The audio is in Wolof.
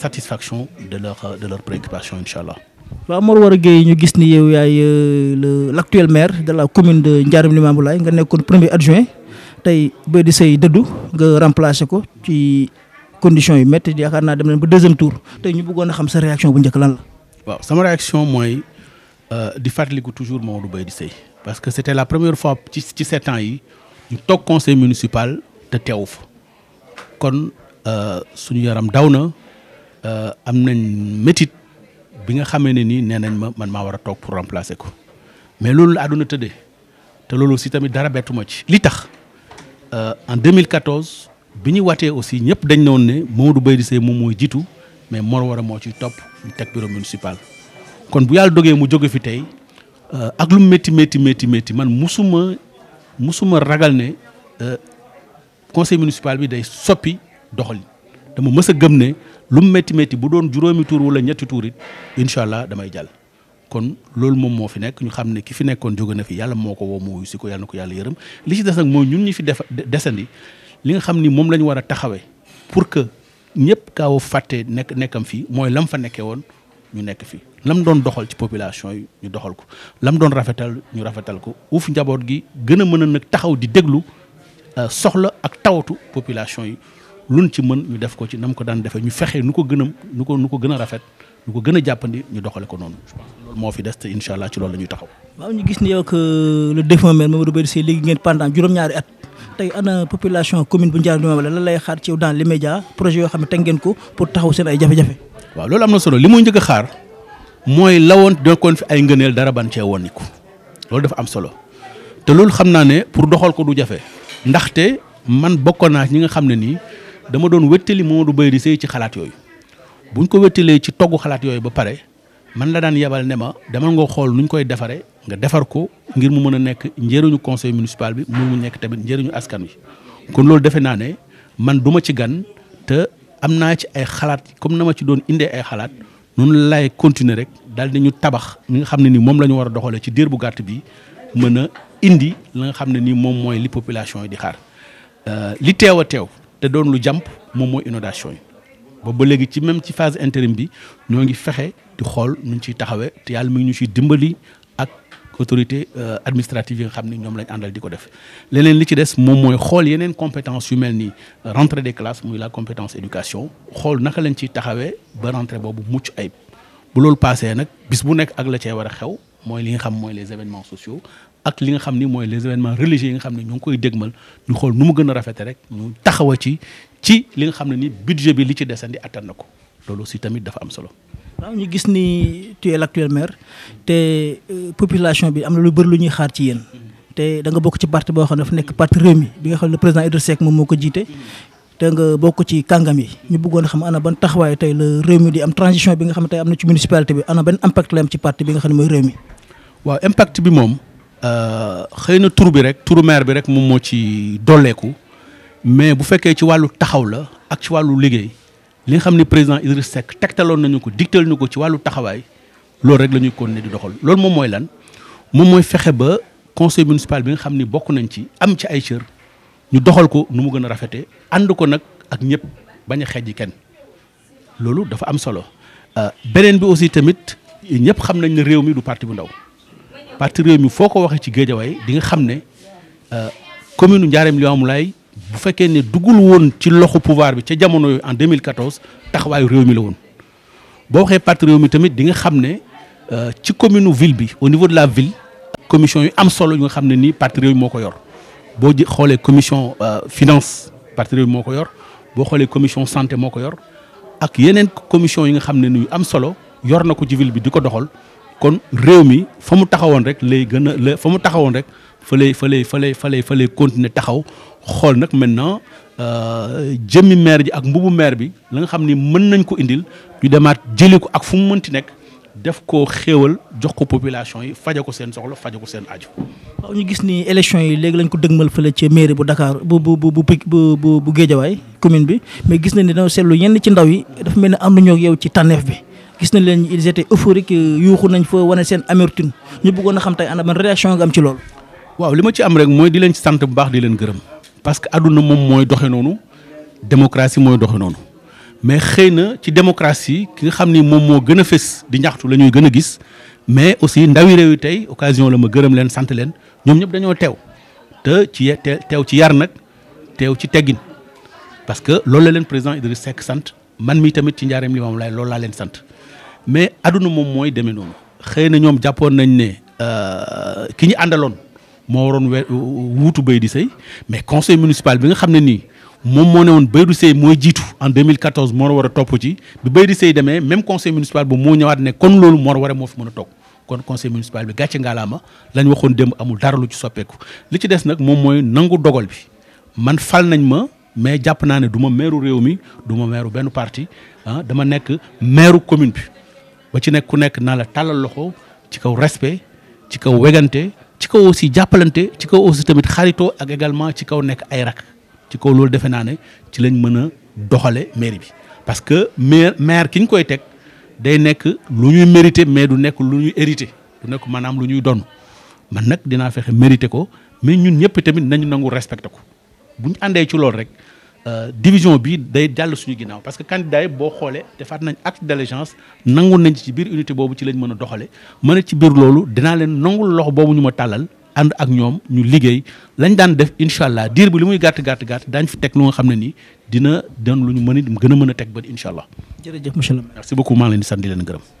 satisfaction de leur de leur préoccupations Inch'Allah. allah. waaw Mor Wara Gueye ñu gis ni yow yaay euh, le maire de la commune de Ndiarème Limamoulaye nga le premier adjoint tey bay di say dëddu nga remplacer ko ci conditions yu métti yaakaar naa dem leen deuxième tour tey ñu bëggoon xam sa réaction bu njëkk lan la. waaw réaction mooy euh, di fàttaliku toujours Maodo Baye di sëy parce que c'était la première fois ci 7 ans yi ñu conseil municipal de teewu fa kon euh, suñu yaram daw Euh, am nañ métit bi nga xamee ne nii nee nañ ma man maa war a toog pour remplacer ko mais loolu la àdduna tëddee te loolu aussi tamit dara bettuma ci. li tax euh, en 2014 bi ñu watee aussi ñëpp dañ ne woon ne Mamadou Baydi Sèye moom mooy jiitu mais Mor Wara moo ciy topp ñu teg bureau municipal kon bu yàlla dogee mu jóge fi tey euh, ak lu métti métti métti métti man musuma musuma ragal ne conseil municipal bi day soppi doxalin dama mës gëm ne. lu mu métti métti bu doon juróomi tuur wala ñetti tuurit it allah damay jàll kon loolu moom moo fi nekk ñu xam ne ki fi nekkoon jóge na fi yàlla moo ko woo moo si ko yàlla na ko yàlla yërëm li si des mooy ñun ñi fi def desandi li nga xam ni moom la ñu war a taxawee pour que ñëpp kaaw fàtte nekk nekkam fii mooy lam fa nekkee woon ñu nekk fii lam doon doxal ci population yi ñu doxal ko lam doon rafetal ñu rafetal ko uuf njaboot gi gën a mën a nag taxaw di déglu euh, soxla ak tawatu population yi lu luñ ci mën ñu def ko ci nam ko daan defee ñu fexe nu ko gën a nu ko nu ko gën a rafet nu ko gën jàppandi ñu doxale ko noonu je moo fi des te incha allah ci loolu la ñuy taxaw. gis ne yow que euh, le défunt maire Mamadou Bédé Sèye léegi ngeen ñaari at tey ana population commune bu Ndiarème Limameulaye lan lay xaar ci yow dans les médias projet yoo xam ne ngeen ko pour taxaw seen ay jafe loolu am na solo li muy njëkk a xaar mooy lawoon koon fi ay ngëneel dara ban cee woon niku loolu dafa am solo te loolu xam naa ne pour doxal ko du jafe ndaxte man bokkoon naa ñi nga xam ne nii dama doon wéttali Modou Baydi Seye ci xalaat yooyu buñ ko wéttalee ci togg xalaat yooyu ba pare man la daan yebal ne ma demal nga xool ñu koy defaree nga defar ko ngir mu mën a nekk njëriñu conseil municipal bi mu nekk tamit njëriñu askan wi. kon loolu defe naa ne man du ma ci gan te am naa ci ay xalaat comme na ma ci doon indee ay xalaat noonu laay continuer rek daal di ñu tabax mi nga xam ne ni moom la ñu war a doxalee ci diir bu gàtt bi mën a indi la xam ne ni moom mooy li population yi di xaar. Euh, li teew a teew. te doon lu jàmp moom mooy inondation yi ba ba léegi ci même ci phase intérim bi ñoo ngi fexe di xool nu ñu ciy taxawee te yàlla mi ngi ñu ciy dimbali ak autorité euh, administrative yi nga xam ni ñoom lañ àndal di ko def leneen li ci des moom mooy xool yeneen compétence yu mel ni rentrée des classes muy la compétence éducation xool naka lañ ciy taxawee ba rentrée boobu mucc ayib bu loolu paasee nag bis bu nekk ak la cee war a xew mooy li nga xam mooy les événements sociaux ak li nga xam ni mooy les événements religieux nga xam ne ñu koy déggmal ñu xol nu mu gën a rek ñu taxawa ci ci li nga xam ni budget bi li ci dessandi attan nako lolu loolu aussi tamit dafa am solo. waaw ñu gis ni tu es l'actuel maire té euh, population bi amna lu bëri lu ñuy xaar ci yeen té da nga bok ci parti bo xam ne dafa nekk parti Rewmi bi nga xam le président Idriss Seck mom moko jité te nga bokk ci kàngam yi ñu bëggoon xam ana ban taxawaay tey la réew mi di am transition bi nga xam ne am na ci municipalité bi ana ban impact la am ci parti bi nga xam ne impact bi moom euh, xëy na tur rek turu bi rek moom moo ci dolleeku mais bu fekkee ci wàllu taxaw la ak ci wàllu liggéey li nga xam ne président Idriss Seck tegtaloon nañu ko digtal ñu ko ci wàllu taxawaay loolu rek la ñuy continuer di doxal loolu moom mooy lan moom mooy fexe ba conseil municipal bi nga xam ni bokk nañ ci am ci ay cër. Nous doxal ko nu mu gën a rafetee ànd ko nag ak ñëpp bañ xejji kenn loolu dafa am solo euh, beneen bi aussi tamit ñëpp xam réew mi parti bu ndaw parti réew mi ci di nga euh, commune bu woon ci pouvoir en 2014 taxawaayu réew mi la woon parti réew mi tamit di euh, ville au niveau de la ville commission yu am solo yu nga xam boo xoolee commission euh, finance parti Rewmi moo ko yor boo xoolee commission santé moo ko yor ak une commission yi nga xam ne am solo yor nako ci ville bi diko doxal kon réew mi fa mu rek lay gëna famu la rek fa lay fa lay fa continuer taxaw xol nak maintenant euh, jëmi maire ji ak mbubu maire bi la nga xam ni mën nañ ko indil ñu demaat jëli ko ak fu mu mënti nek def ko xéewal jox ko population yi faja ko seen soxla faja ko seen aju waaw ñu gis ni élection yi léegi lañ ko dëgmal fële ci mairie bu Dakar bu bu bu bu bu bu Géejawaay commune bi mais gis nañ ne dañoo seetlu yenn ci ndaw yi dafa mel ni am nañoo ak yow ci tànneef bi gis nañ leen ils étaient euphoriques yuuxu nañ fa wane seen amertume ñu bëggoon a xam tey ana ban réaction nga am ci lool waaw li ma ci am rek mooy di leen ci sant bu baax di leen gërëm parce que àdduna moom mooy doxe noonu démocratie mooy doxe noonu mais xëy na ci démocratie ki nga xam ni moom moo gën a fës di ñaxtu la ñuy gën a gis mais aussi ndawi avons occasion la ma gërëm Nous sante len ñom ñep dañoo tew te ci ci yar ci parce que lool la président Idriss Seck sante man mi tamit ci li mais aduna mom moy demé non na nañ ne euh, ki ñu andalon mo mais conseil municipal bi nga moom moo ne woon Bayrou Seye mooy jiitu en 2014 Mor Waré topp ci bi Bayrou Seye demee même conseil municipal bu moo ñëwaat ne kon loolu Mor Waré moo fi mën kon conseil municipal bi gatché ngaalaama lañ waxoon dem amul dara lu ci soppeku li ci dess nak mom moy nangu dogal bi man fal nañ ma mais jàpp naa duma du ma réew mi du ma meeru parti ah dama nekk meeru commune bi ba ci nekk ku nekk na la talal loxo ci kaw respect ci kaw wéganté ci kaw aussi jappalanté ci kaw aussi tamit xaritoo ak également ci kaw nekk ay rak ci kaw loolu defe naa ne ci lañ mën a doxale mairie bi parce que maire maire ki koy teg day nekk lu ñuy mérité mais du nekk lu ñuy hérité du nekk maanaam lu ñuy donn man nag dinaa fexe mérité ko mais ñun ñëpp tamit nañu nangu respecté ko bu ñu àndee ci loolu rek euh, division bi day jàll suñu ginnaaw parce que candidat yi boo xoolee defaat nañ acte d'allégeance nangu nañ ci biir unité boobu ci lañ mën a doxale mën a ci biir loolu dinaa leen nangul loxo boobu ñu ma tàllal ànd ak ñoom ñu liggéey lañ daan def incha allah diir bi li muy gàtt gàtt gàtt daañ fi teg lu nga xam ne nii dina doon lu ñu mën a gën a a teg ba incha allah. jërëjëf monsieur le maire merci beaucoup maa ngi leen di leen gërëm.